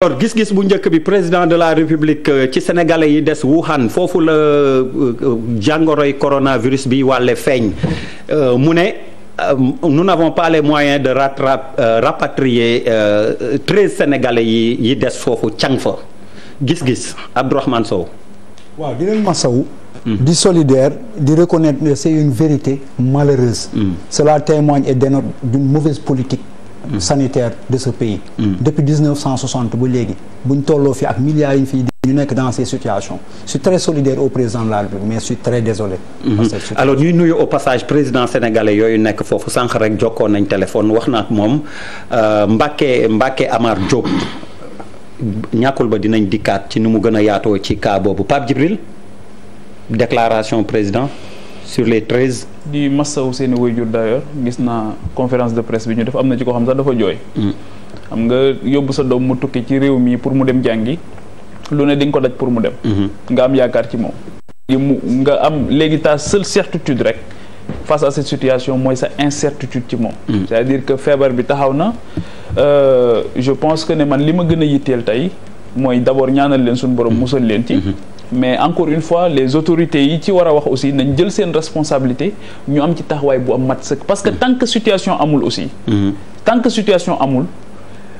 alors gis-gis bu njëkk bi président de la république euh, ci sénégalais yi des Wuhan foofu la euh, euh, jàngoroy coronavirus bi wàlle feeñ mu ne nous n'avons pas les de rattra rapatrier treize sénégalais yi yi des foofu càng fa gis-gis Abdourahmane Sow waaw di leen masawu hmm. di solidaire di reconnaître c'est une vérité malheureuse hmm. cela témoigne et dénote d'une mauvaise politique sanitaire de ce pays. Mm. depuis dix neuf cent soixante ba léegi buñ tolloo fi ak milliards yi ñu fiy ñu nekk dans ces situations je suis très solidaire au président de la République mais je suis très désolé. Mm-hmm. parce que alors ñuy nuyu au passage président sénégalais yooyu nekk foofu sànq rek jokkoon nañ téléphone wax na ak moom euh, Mbacké Mbacké Amar Diop ñàkkul ba dinañ dikkaat ci ni mu gën a yaatoo ci cas bu Pape Djibril déclaration président. sur les treize. di masawu seen i waajur d'ailleurs gis naa conférence de presse bi ñu def am na ci ko xam sax dafa jooy. Mm. xam nga yóbbu sa doom mu tukki ci réew mii pour mu dem jàngi lu ne di nga ko daj pour mu dem. Mm-hmm. nga am yaakaar ci moom. mu nga am léegi ta seule certitude rek. face à cette situation mooy sa incertitude ci moom mm. c'est-à-dire que feebar bi taxaw na euh, je pense que ne man li ma gën a yitteel tey mooy d'abord ñaanal leen suñu borom mm-hmm. musal leen ci mm-hmm. mais encore une fois les autorités yi ci war a wax aussi nañ jël seen responsabilité ñu am ci taxawaay bu am mat sëkk parce que mm-hmm. tant que situation amul aussi mm-hmm. tant que situation amul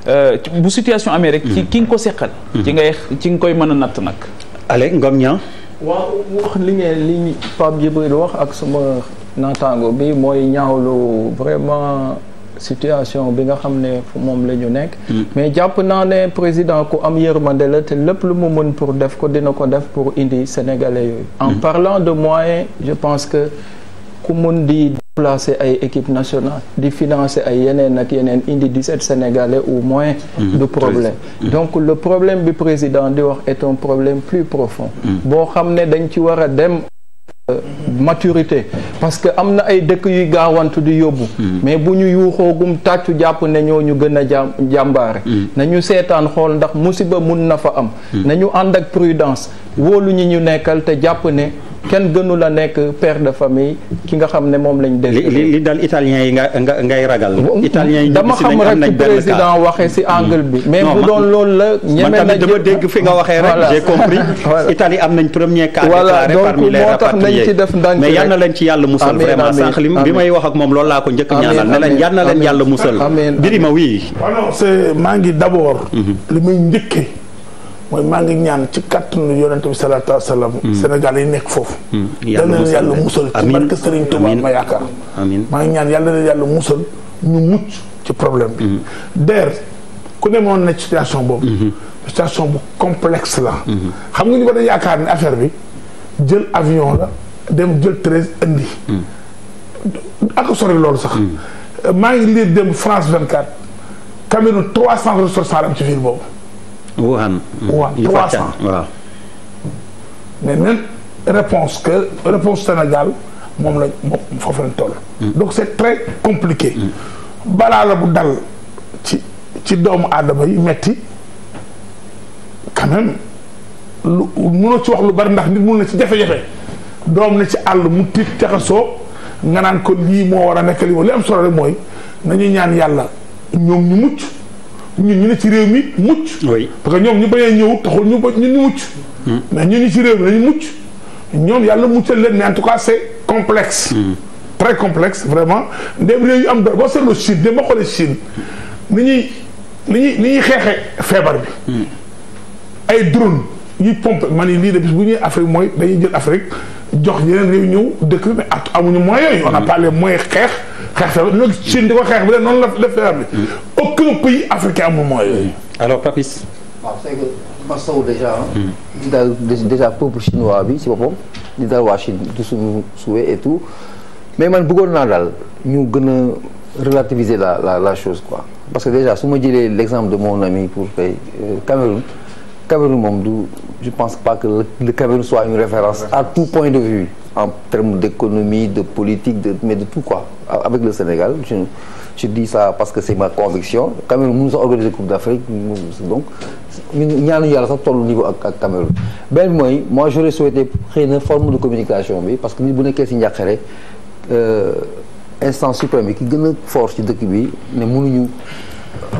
euh, bu situation amee rek ci mm-hmm. ki nga ko seqal ci ngay ci nga koy mën a natt nag ale ngom ñaa waaw wax li ngeen li Pape Djibril wax ak sama naataango bi mooy ñaawlu vraiment situation bi nga xam ne moom la ñu nekk. Mm. mais jàpp naa ne président ku am yërmande la te lépp lu mu mën pour def ko dina ko def pour indi sénégalais yooyu. Mm. en parlant de moyens je pense que ku mun di déplacer ay équipe nationale di financer ay yeneen ak yeneen indi 17 sénégalais au moins. Mm. du problème donc le problème bi président di wax est un problème plus profond. boo xam ne dañ ci war dem. Euh, maturité parce que am na ay dëkk yuy gaawantu di yóbbu mm-hmm. mais bu ñu yuuxoogum tàccu jàpp ne ñoo ñu gën a jàmbaare mm-hmm. nañu seetaan xool ndax musiba mun na fa am mm-hmm. nañu ànd ak prudence wóolu ñi ñu nekkal te jàpp ne kenn gënu la nekk père de famille ki nga xam ne moom lañ. dégg li dal italien yi nga nga ngay ragal. italien yi dama xam rek président waxee si angle bi. Hmm. mais bu doon loolu la. ñeme na dama dégg fi nga waxee rek. j'ai compris Italie am nañ premier cas déclaré parmi les rapatriés ci yàlla musal vraiment sànq yàlla musal. birima wii. non c'est maa ngi d'abord. Mhm. li muy njëkkee mooy maa ngi ñaan ci kàttanu yonent bi salaatu wa salaam. Mm. Sénégal yi nekk foofu. Mm. yàlla na yàlla musal ci barke Serigne Touba ma yaakaar. ngi ñaan yàlla na yàlla musal ñu mucc ci problème bi. Mm. der ku ne moon na situation boobu. Mm-hmm. situation bu complexe la. Mm-hmm. xam nga ñu war a yaakaar ne affaire bi jël avion la dem jël treize indi. ak sori loolu sax. maa ngi lire dem France 24 Cameroun trois cent ressources am ci ville boobu. Wuhan. Wuhan trois cent waaw. mais même réponse que réponse Sénégal moom la moom foofu lañ toll. Mm. donc c'est très compliqué. Mm. balaa la bu dal ci ci doomu aadama yi metti quand même lu mënoo ci wax lu bari ndax nit mun na ci jafe-jafe doom na si àll mu tiit jaxasoo nga naan ko lii moo war a nekk lii li am solo rek mooy nañu ñaan yàlla ñoom ñu mucc. ñu ñu ne ci réew mi mucc. oui parce que ñoom ñu bañ a ñëw taxul ñu ba ñu mucc. Hmm. mais ñu ñu ci réew mi dañu mucc ñoom yàlla muccal leen ne en tout cas c' est complexe. Hmm. très complexe vraiment ndéem réew yu am doole boo seetloo Chine dem ba xoolee Chine ni ñuy ni ñuy ni ñuy xeexee feebar bi. Hmm. ay drone. ñuy pompe man ni lii de bis bu ñuy Afrique mooy dañuy jël Afrique jox yeneen réew ñëw dëkk mais at amuñu moyens yooyu. on a parlé moyens xeex xeex tamit loolu Chine di ko xeex bi de noonu la def feebar bi. Mm. aucun pays africain amul moyens yooyu. Mm. alors Papis. waaw c'est que masawu déjà. Mm. di daal déjà peuple chinois bi si boppam di daal waa Chine du suñu souhait et tout mais man bëggoon naa daal ñu gën a relativiser la la la chose quoi parce que déjà su ma jëlee l'exemple de mon ami pour kay euh, Cameroun Cameroun moom du. je pense pas que le, le Cameroun soit une référence à tout point de vue en termes d'économie de politique mais de tout quoi avec le Sénégal je je dis ça parce que c'est ma conviction Cameroun mënu sax organiser Coupe d'Afrique donc ñaanuñu yàlla sax tollu ak ak Cameroun benn mooy moi j'aurais souhaité xëy na forme de communication bi parce que nit bu nekkee si njàqare euh, instance suprême bi ki gën a fort ci dëkk bi ne mënuñu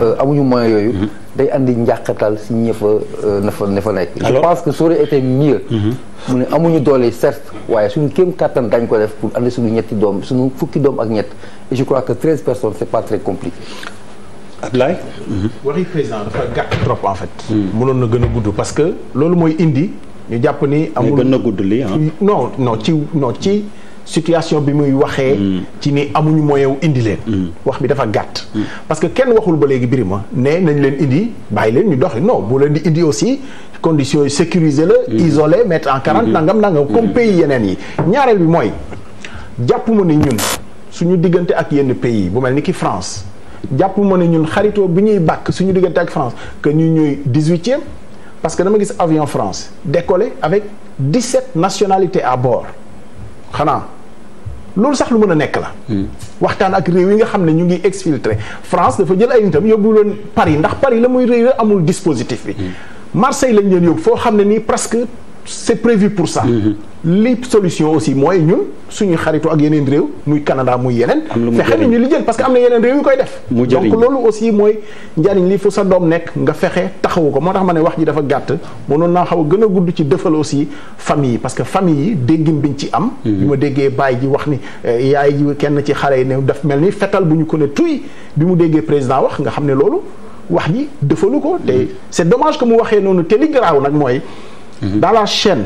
euh, amuñu moyens yooyu mm-hmm. day andi njàqatal si ñi fa euh, na fa na fa nekk parce que ça aurait été mhm. mu ne amuñu doole certes waaye suñu kem kattan dañ ko def pour andi suñu ñetti doom suñu fukki doom ak ñett et je que treize personnes c'est pas très compliqué Abdoulaye mhm. waxi président dafa gàtt trop en mhm. mënoon na gën a gudd parce que loolu mooy indi ñu jàpp ni amul gën a gudd li no non ci non ci situation bi muy waxee. Mm. ci ni amuñu moyen wu indi leen. Mm. wax bi dafa gàtt. Mm. parce que kenn waxul ba léegi biri Birima ne nañ leen indi bàyyi leen ñu dox doxi no bu leen di indi aussi condition yi sécuriser la. isoler mettre en quarantaine mm-hmm. nangam nangam. comme mm-hmm. pays yeneen yi ñaareel bi mooy jàpp ma ne ñun suñu diggante ak yenn pays bu mel ni ki France. jàpp ma ne ñun xaritoo bi ñuy bàkk suñu diggante ak France que ñu ñuy dix-huitième parce que dama gis avion France décollé avec dix-sept nationalités à bord xanaa loolu sax lu mën a nekk la. Hmm. waxtaan ak réew yi nga xam ne ñu ngi exfiltré France dafa jël ay nitam yóbbu leen Paris ndax Paris la muy réew amul dispositif bi. Hmm. Marseille lañ leen yóbbu foo xam ne nii presque. c'est prévu pour ça. Mm-hmm. li solution aussi mooy ñun suñu xaritu ak yeneen réew muy Canada muy yeneen. fexe ni ñu li jël parce que am na yeneen réew yu koy def. donc loolu aussi mooy njariñ li fu sa doom nekk nga fexe taxawu ko moo tax ma ne wax ji dafa gàtt mënoon naa xaw a gën a gudd ci defal aussi famille yi parce que famille yi déggin biñ ci am. Mm-hmm. bi ma déggee baay ji wax ni eh, yaay ji kenn ci xale yi ne daf mel ni fetal bu ñu ko ne tuy bi mu déggee président wax nga xam ne loolu wax ji defalu ko te mm-hmm. c'est dommage que mu waxee noonu te li garaaw nag mooy. Mhm. dans la chaîne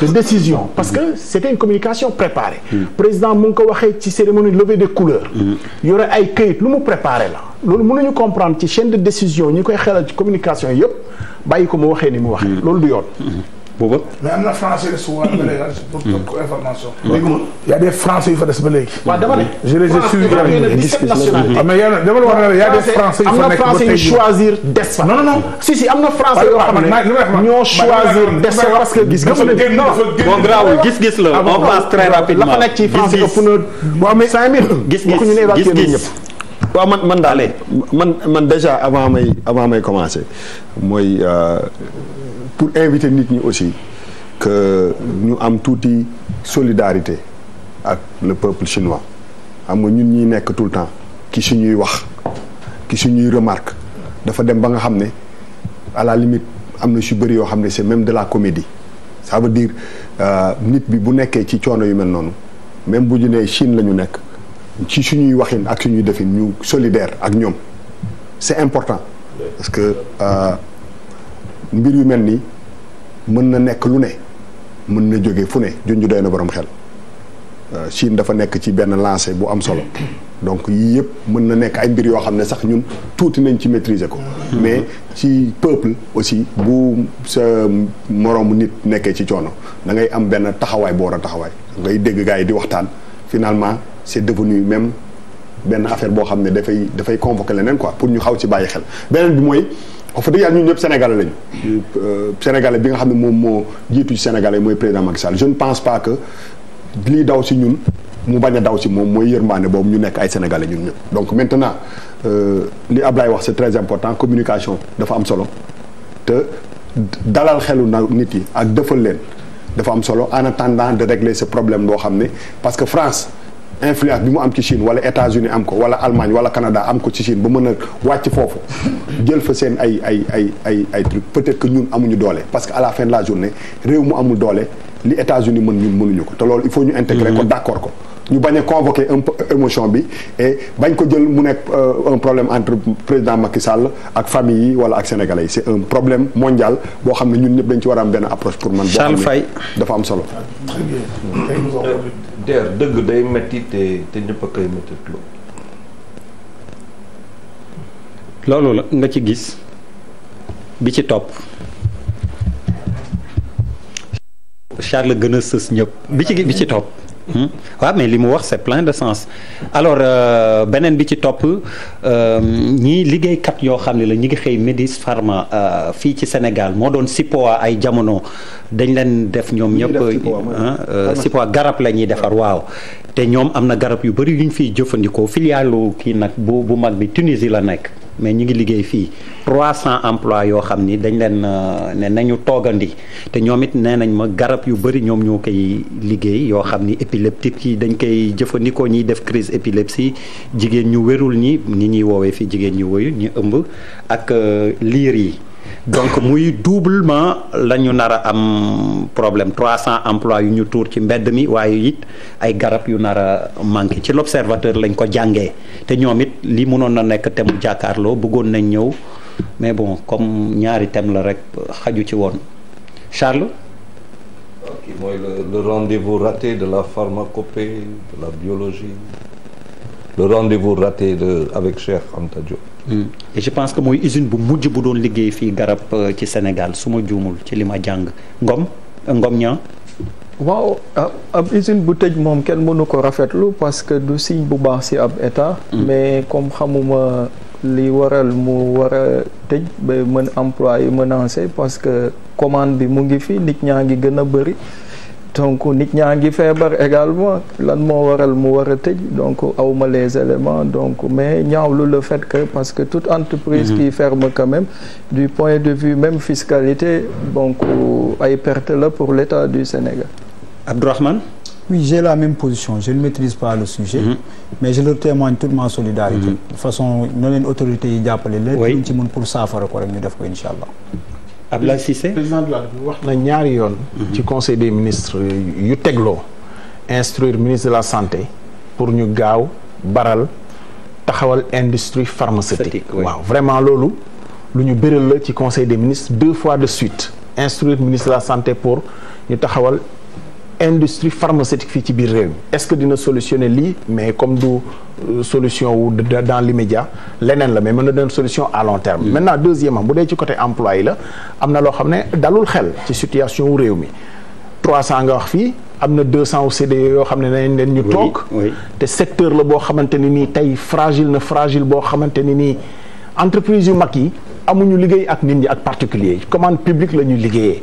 de décision parce que mhm. c'était une communication préparée mhm. président mu ngi ko waxee ci cérémonie levée des couleurs yore ay këyit lu mu préparé la loolu mun mënuñu comprendre ci chaîne de décision ñi koy xelal ci communication yëpp bàyyi ko mu waxee ni mu waxee loolu du yoon booba. mais am na français su waat ba léegi pour topp information. y a des français yu fa des ba léegi. waaw dama ne. je les ai suivis hmm. ah, mais yéen a dama la wax ne y a des français yu fa nekk ba tey am na français yu choisir des fa. non non non si si am na français yoo xam ne ñoo choisir des fa parce que gis-gis la. bon garaawul ah, gis-gis la ah, on passe très rapidement. la fa nekk ci français ëpp na. waaw mais cinq mille. gis-gis gis-gis waaw man man daale man man déjà avant may avant may commencer mooy. Euh, pour inviter nit ñi aussi que ñu am tuuti solidarité ak le peuple chinois xam nga ñun ñuy nekk tout le temps ki suñuy wax ki suñuy remarque dafa dem ba nga xam ne à la am na su bëri yoo xam ne c'est même de la comédie ça veut dire euh, nit bi bu nekkee ci coono yu mel noonu même bu ñu nee Chine la ñu nekk ci suñuy waxin ak su ñuy defin ñu solidaire ak ñoom c'est important parce que. Euh, mbir yu mel nii mën na nekk lu ne mën na jóge fu ne junj doy na borom xel euh, Chine dafa nekk ci benn lancé bu am solo donc yii yëpp mën na nekk ay mbir yoo xam ne sax ñun tuuti nañ ci maîtriser ko. mais ci peuple aussi bu sa moroomu nit nekkee ci coono da ngay am benn taxawaay boo war a taxawaay ngay dégg gars yi di waxtaan finalement c'est devenu même benn affaire boo xam ne dafay dafay convoquer leneen ko pour ñu xaw ci bàyyi xel beneen bi mooy. wax dëgg yàlla ñun ñëpp sénégalais lañu. Euh, sénégalais bi nga xam ne moom moo jiitu ci sénégalais mooy président Macky Sall je ne pense pas que lii daw si ñun mu bañ a daw si moom mooy yërmaande boobu ñu nekk ay sénégalais ñun ñëpp. donc maintenant euh, li ab lay wax c'est très important communication dafa am solo te dalal xelu nag nit yi ak defal leen dafa am solo en attendant de régler ce problème boo xam ne parce que France. influence bi mu am ci Chine wala États-Unis am ko wala Allemagne wala Canada am ko ci Chine ba mën a wàcc foofu jël fa seen ay ay ay ay ay truc peut-être que ñun amuñu doole parce que à la fin de la journée réew mu amul doole li États-Unis mën ñun mënuñu ko te loolu il faut ñu intégrer ko mm-hmm. d'accord ko ñu bañ a convoquer un peu émotion bi et bañ ko jël mu nekk euh, un problème entre président Macky Sall ak famille yi wala ak sénégalais yi c'est un problème mondial boo xam ne ñëpp dañ ci war a benn approche pour man. boo xam dafa am solo. der dëgg day metti te te ñëpp koy metti loolu la nga ci gis bi ci topp Charles gën a sës ñëpp bi ci bi ci topp waaw hmm? mais li mu wax c'est plein de sens alors euh, beneen bi ci topp euh, ñii liggéeykat yoo xam ne la ñi ngi xëy Medis Pharma euh, fii ci Sénégal moo doon SIPOA ay jamono dañ leen def ñoom ñëpp ah, SIPOA garab la ñuy defar waaw te ñoom am na garab yu bëri yu ñu fiy jëfandikoo filialu kii nag bu bu mag bi Tunisie la nekk mais ñu ngi liggéey fii trois 300 emplois yoo xam ni dañ leen euh, ne nañu toggandi te ñoom it nee nañ ma garab yu bëri ñoom ñoo koy liggéey yoo xam ni épileptique yi dañ koy jëfandikoo ñuy def crise épilepsie jigéen ñu wérul ñi ñi ñuy woowee fii jigéen ñu wéyu ñu ëmb ak euh, liir yi. donc muy doublement la ñu nar a am problème 300 emplois yu ñu tuur ci mbedd mi waaye it ay garab yu nar a manqué ci l'observateur lañ ko jàngee te ñoom it li mënoon na nekk te mu jàkkaarloo bëggoon nañ ñëw mais bon comme ñaari thème la rek xaju ci woon Charles. ki mooy le, le rendez-vous raté de la pharmacopée de la biologie le rendez-vous raté de avec Cheikh Anta Diop Mm. je pense que mooy usine bu mujj bu doon liggéey fii garab euh, ci Sénégal su ma juumul ci li ma jàng ngom euh, ngom ñaa waaw ab usine bu tëj moom kenn mënu ko rafetlu parce que du signe bu baax si ab état mm. mais comme xamuma li waral mu war a tëj ba mën emploi mën menacé parce que commande bi mu ngi fi nit ñaa ngi gën a bëri donc nit ñaa ngi feebar également lan moo waral mu war a tëj donc awma les éléments donc mais ñaawlu le fait que parce que toute entreprise mhm. qui ferme quand même du point de vue même fiscalité donc ay perte la pour l'État du Sénégal Abdourahmane oui j'ai la même position je ne maîtrise pas le sujet mhm. mais je leur témoigne toute ma solidarité mhm. façon no leen autorités yi jàppale leen ci mën pour saafara ko rek ñu def ko incha allah Abdoulaye Cissé président de la wax na ñaari yoon. ci conseil des ministres yu tegloo. instruire ministre de la santé pour ñu gaaw baral taxawal industrie pharmaceutique. waaw vraiment loolu lu ñu bëral la ci conseil des ministre deux fois de suite instruire ministre de la santé pour ñu taxawal. industrie pharmaceutique fii ci biir réew mi est-ce que dina solutionner lii mais comme du euh, solution wu dans l'immédiat leneen la mais mën na doon solution à long terme mmh. maintenant deuxièmement bu dee ci côté emploi yi la am na loo xam ne dalul xel ci situation wu réew mi trois 300 nga wax fii am na 200 au CDE yoo xam ne nañ leen ñu toog te secteur la boo xamante ni nii tey fragile na fragile boo xamante ni nii entreprise yu mag yi amuñu liggéey ak nit ñi ak particulier commande publique la ñuy liggéeyee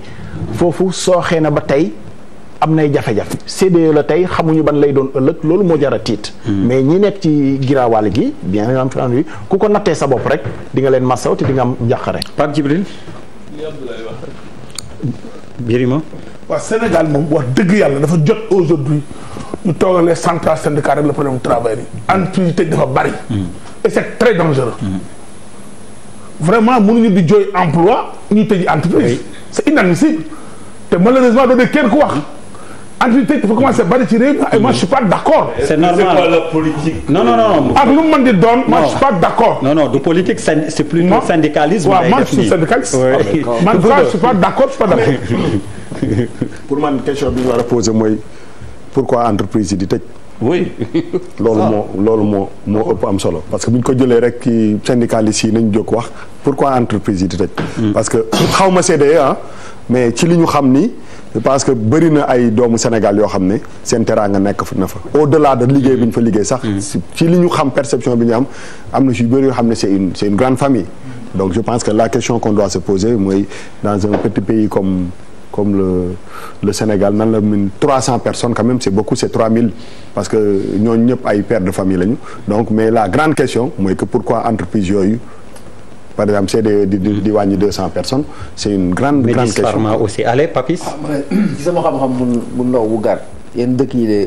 foofu sooxee na ba tey am nay jafe-jafe CDE la tey xamuñu ban lay doon ëllëg loolu moo jar a tiit. Hmm. mais ñi nekk ci giraawaale gi bien entendu ku ko nattee sa bopp rek di nga leen masaw te di nga am njàqare. Pape Djibril. Birima. waaw Sénégal moom wax dëgg yàlla dafa jot aujourd'hui ñu toogal les centrales syndicales rek le problème travail yi entreprise tëj dafa bari. Hmm. et c'est très dangereux. Hmm. vraiment mënuñu di jooy emploi ñu tëj entreprise. c'est si te malheureusement doo dee kenn ku wax. entité dafa commencé bari ci réew mi moi je suis la politique. non doon. moi je suis pas d'accord. non non du politique c'est plutôt syndicalisme. waaw ah, pour man question bi ñu war a poser mooy pourquoi entreprise yi di tëj. loolu ah. moo loolu moo moo ëpp am solo parce que bu ko jëlee rek ci syndicalistes yi nañ jóg wax pourquoi entreprise yi di tëj. Hmm. parce que xaw ma CDE ah. mais ci li ñu xam ni parce que bëri na ay doomu Sénégal yoo xam ne seen nga nekk na fa au delà de liggéey bi ñu fa liggéey sax. Mm-hmm. ci li ñu xam perception bi ñu am am na ci bëri yoo xam ne c'est une c'est une grande famille. donc je pense que la question qu'on doit se poser mooy dans un comme comme le le Sénégal nan la mun 300 personnes quand même c'est beaucoup c'est 3000 parce que ñooñu ñëpp ay pères de famille lañu donc mais la grande question mooy que pourquoi entreprise yooyu. par exemple CDE di di wàññi deux cent personnes c' est une grande grande question Pharma aussi allez Papis. Ah, ci sama xam-xam bu ndaw bu gàtt yéen dëkk yi de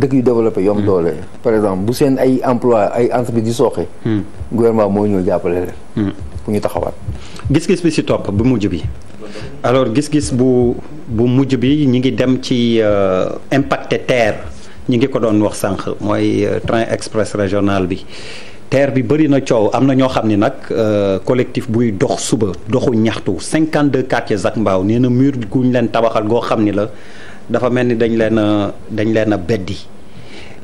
dëkk yu développé yom hmm. doole par exemple bu seen ay emploi ay entreprise di sooxe. Hmm. gouvernement mooy ñëw jàppale leen. Hmm. pour ñu taxawaat. gis-gis bi si topp bu mujj bi. alors gis-gis bu bu mujj bi ñu ngi dem ci euh, impacté terre ñu ngi ko doon wax sànq mooy euh, train express régional bi. terre bi bëri na coow am na ñoo xam ni nag euh, collectif buy dox suba doxu ñaxtu 52 quartiers ak mbaaw nee na mur guñ leen tabaxal goo xam ni la dafa mel ni dañ leen a dañ leen a beddi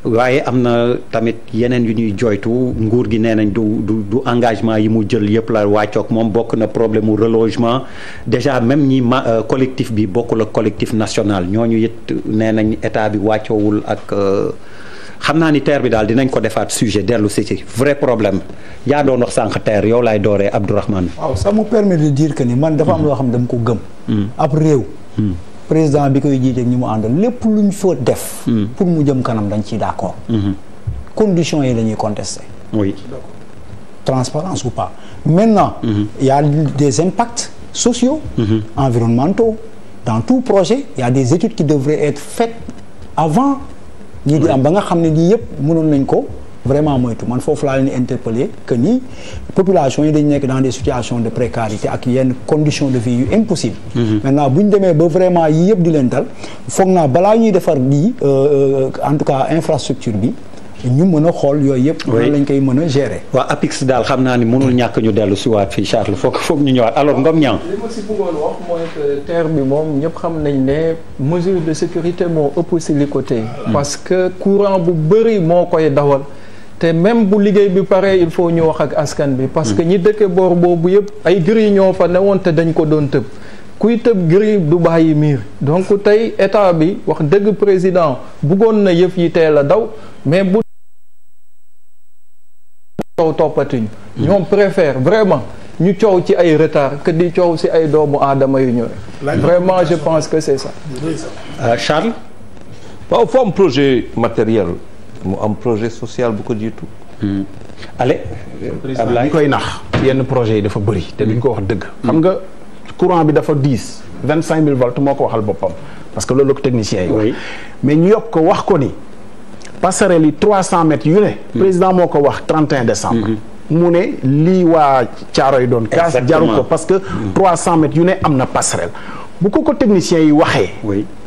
waaye am na tamit yeneen yu ñuy jooytu nguur gi nee nañ du du du engagement yi mu jël yëpp la wàccook moom bokk na problème mu relogement déjà même ñi ma euh, collectif bi bokkul ak collectif national ñooñu it nee nañ état bi wàccoowul ak. Euh, xam naa ni terre bi daal dinañ ko defaat sujet dellu si ci vrai problème yaa doon wax sànq terre yow laay dooree Abdourahmane waaw ça me permet de dire que ni man dafa am loo xam ne dama ko gëm. Hmm. ab réew. Hmm. président bi koy jiite ñi mu àndal lépp luñ fa def. Hmm. pour mu jëm kanam dañ ciy d'accord. conditions yi la ñuy contester. oui transparence ou pas maintenant. il a des impacts sociaux. environnementaux dans tout projet il a des études qui devraient faites avant. yii di am ba nga xam ne lii yëpp mënoon nañ ko vraiment moytu man foofu laa leen interpellé que ni population yi dañ nekk dans de situation de précarité ak yenn condition de vie yu impossible mhm. maintenant bu ñu demee ba vraiment yii yëpp di leen dal foog naa balaa ñuy defar lii euh, euh, en tout cas infrastructure bi ñu mën a xool yooyu yëpp. oui lañ koy mën a gérer. waaw APIX daal xam naa ni mënul ñàkk ñu dellu si waat fii Charles foog foog ñu ñëwaat alors Ngom Niang. li terre bi moom ñëpp xam nañ ne mesure de sécurité moo ëpp si li côté. Hmm. parce que courant bu bëri moo koy dawal. te même bu liggéey bi pare il faut ñu wax ak askan bi. parce que hmm. ñi dëkke boor boobu yëpp ay grilles ñoo fa newoon te dañ ko doon tëb. kuy tëb gri du bàyyi miir donc tey état bi wax dëgg président buggoon na yëpp yi teel a daw mais coow toppatuñ ñoom préfère vraiment ñu coow ci ay retard que di coow si ay doomu aadama yu ñëwee vraiment je pense que c'est ça euh, Charles waaw foo am projet matériel mu am projet social bu ko ale hmm. allez Ablaye ñu koy nax yenn projet yi dafa bëri te duñ ko wax dëgg xam nga courant bi dafa diis vingt cinq mille volts moo ko waxal boppam parce que loolu ko technicien yi mais ñu yokk ko wax ko ni passerelle yi trois cent mètres yu ne. président moo ko wax 31 décembre. Mhm. mu ne lii waa Caaroy doon kaas jaru ko parce que mhm. trois cent mètres yu ne am na passerelle bu ko ko technicien yi waxee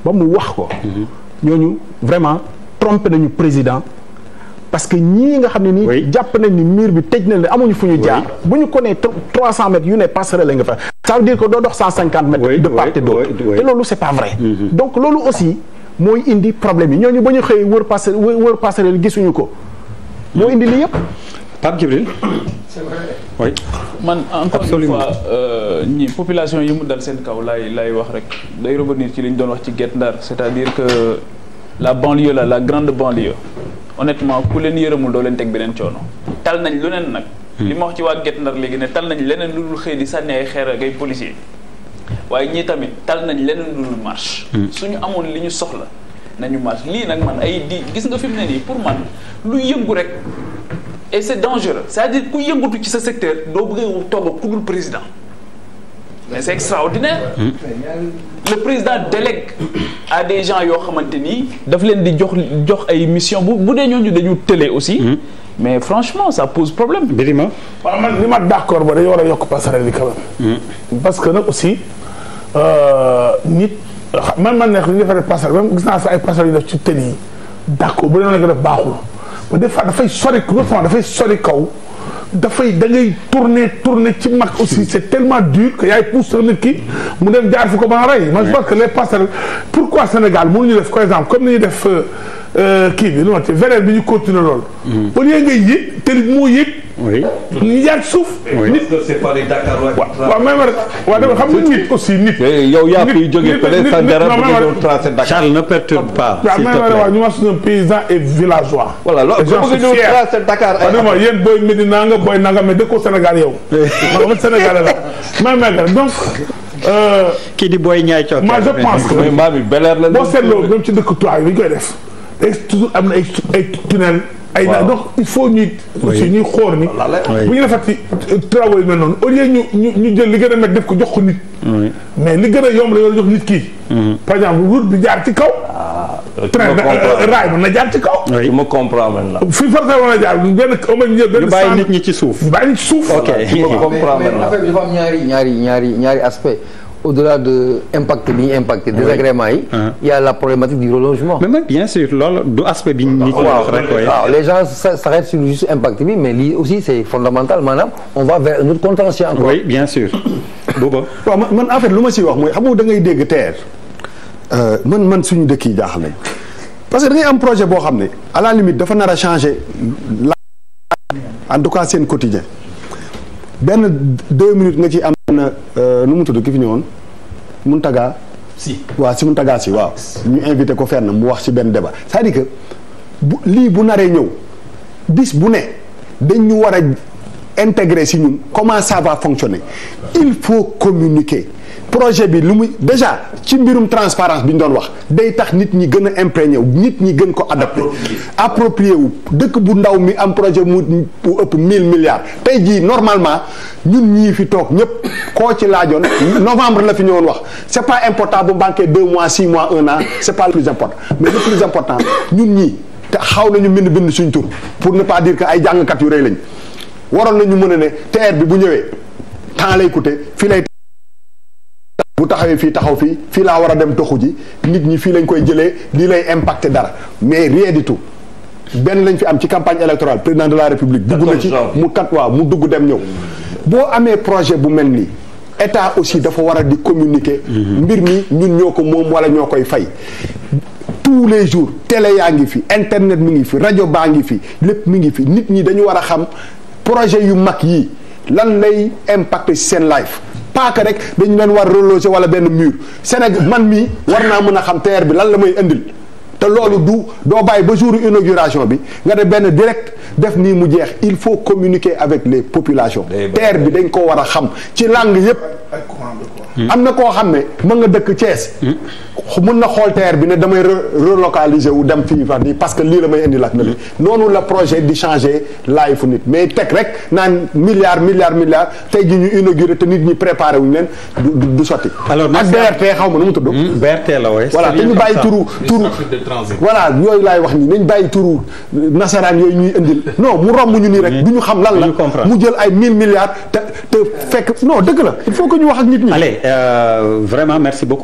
ba mu wax ko mhm. ñooñu vraiment trompé nañu président parce que ñii nga xam ne nii jàpp nañ ni mur bi tëj na leen amuñu fu ñu jaar bu ñu ko nee trois cent mètres yu ne passerelle la nga fa ça veut dire que doo dox cent cinquante mètres de part et te loolu c'est pas mooy indi problème yi ñooñu ba ñu xëy wër passe wër passerelle gisuñu ko moo indi li yëpp. Pape Djibril. c'est vrai. oui. man encore une fois euh, ñi population yi mu dal seen kaw laay laay wax rek day revenir ci li ñu doon wax ci get Ndar c'est-à-dire que la banlieue la la grande banlieue honnêtement ku leen yërëmul doo leen teg beneen coono. tal nañ lu neen nag. Hmm. li ma wax ci waa get Ndar léegi ne tal nañ leneen lu dul xëy di sànni ay xeer ak ay policiers. waaye ñii tamit tal nañ leneen lu marche hmm. su ñu amoon li ñu soxla nañu marche lii nag man ay di gis nga fi mu ne nii pour man lu yëngu rek et c'est dangereux c'est-à-dire ku yëngatu ci sa secteur doo bëggee togg ku dul président. mais c'est extraordinaire hmm. le président délègue à des gens yoo xamante nii daf leen di jox jox ay mission bu bu dee ñooñu dañu télé aussi hmm. mais franchement ça pose problème Birima waaw man li ma d'accord ba dañu war a yokk passerelle bi quand que nag aussi Euh, nit man man neex li ñu defaree passerelle même gis naa sa ay passerelle yu def ci tën yi bu dee noonu la def baaxul ba des fois dafay sori non dafay sori kaw dafay da ngay tourner tourner ci mag aussi c'est tellement dur que yaay pousse nit ki mu dem jaar fu ko mën a ma man je pense que les passerelles pourquoi Sénégal mënuñu def par exemple comme ni ñuy def euh, euh, kii bi nu ma la waxee bi ñu continuer loolu. Mm. au lieu ngay yëg te moo yëg. oui ñu jaar suuf. nit c'est pas les Dakarois waaw même waaw dama xam nga nit aussi nit. yow yaa koy jógee fële a bu ngeen doon tracé Dakar. Charles ne perturbe pas. s'il te plaît waaw ñu wax suñu paysan et villageois. voilà loolu bëgg ñëw tracé Dakar. Eh. waaw yéen booy donc. Euh, kii di booy ñaay cooke. moi je pense que maam yi beleer la. boo seetloo même ci dëkk tuwaay bi ñu koy am na ay ay tunnel. ay na donc il faut ñuy aussi ñuy xool ni bu ñu defati travaux yu mel noonu au lieu ñu ñu ñu jël li gën a nekk def ko jox ko nit mais li gën a yomb la yoon jox nit kii mhm. par exemple route bi jaar ci kaw ah, train euh, raay mën na jaar ci kaw tu me comprends maintenant fii farta mën a jaar benn ama ñu benn ñu bàyyi nit ñi ci suuf ñu bàyyi nit ci suuf ok tu me comprends maintenant dafa am ñaari ñaari ñaari ñaari aspect au-delà de impact bi désagrément yi. Ah. il la problématique du relogement. mais même bien sûr loolu du aspect bi ñu. waaw waaw les gens s'arrêtent sur juste impact bi mais aussi c'est fondamental maanaam on va vers un autre bien sûr. booba waaw man en fait lu ma si wax mooy xam nga da ngay dégg TER. Euh, man man suñu dëkk yi jaaxal nañ parce que da am projet boo xam ne à la limite dafa nar a changer la en tout cas seen quotidien benn deux minutes nga ci am. na euh, nu mu tudd ki fi ñëwoon mun si waa si tagaa si waaw ñu invité ko fenn mu wax ci benn débat c'est-à-dire que lii bu naree ñëw bis bu ne dañ ñu intégré si ñun comment ça va fonctionner il faut communiquer projet bi lu muy déjà ci mbirum transparence bi ñu doon wax day tax nit ñi gën a imprégné wu nit ñi gën ko adapté approprié wu dëkk bu ndaw mi am projet mu bu ëpp mille milliards tey jii normalement ñun ñii fi toog ñëpp koo ci laajoon novembre la fi ñëwoon wax c'est pas important bu manqué deux mois six mois un an c'est pas le plus important mais le plus important ñun ñi te xaw nañu mbind bind suñ tur pour ne pas dire que ay jàngkat yu rëy lañ waroon nañu mën a ne TER bi bu ñëwee temps lay coûter fii lay bu taxawee fii taxaw fii fii laa war a dem toxu ji nit ñi fii lañ koy jëlee lii lay impacté dara mais rien du benn lañ fi am ci campagne électorale président de la république dugg na ci mu kat waaw mu dugg dem ñëw boo amee projet bu mel nii état aussi dafa war a di communiquer mhm. mbir mi ñun ñoo ko moom walla ñoo koy fay tous les jours télé yaa ngi fi internet mi ngi fi rajo baa ngi fi lépp mi ngi fi nit ñi dañu war a xam projet yu mag yi lan lay impacter seen life pas que rek dañu leen war reloger wala benn mur Sénégal man mii war naa mën a xam terre bi lan la may indil. te loolu du doo bàyyi ba jour inauguration bi nga def benn direct def nii mu jeex il faut communiquer avec les populations eh terre bi dañ ko war a xam ci langue yépp hmm. am na koo xam ne mën nga dëkk Thiès hmm. mun na xool terre bi ne damay re relocaliser wu dem fii fa nii parce que lii la may indi lak na li hmm. noonu la projet di changer laay fu nit mais teg rek naan milliards milliards milliards tey gi ñu inauguré te nit ñi préparé wuñu leen du sotti ak BRT xaw ma nu mu tudd BRT la woy voilà étranger. voilà yooyu laay wax nii nañ bàyyi turu nasaraan yooyu ñuy indil non mu romb ñu nii rek. Mm-hmm. du ñu xam lan la mu jël ay mille milliards te te fekk non dëgg la il faut que ñu wax ak nit ñi. allez euh, vraiment merci beaucoup.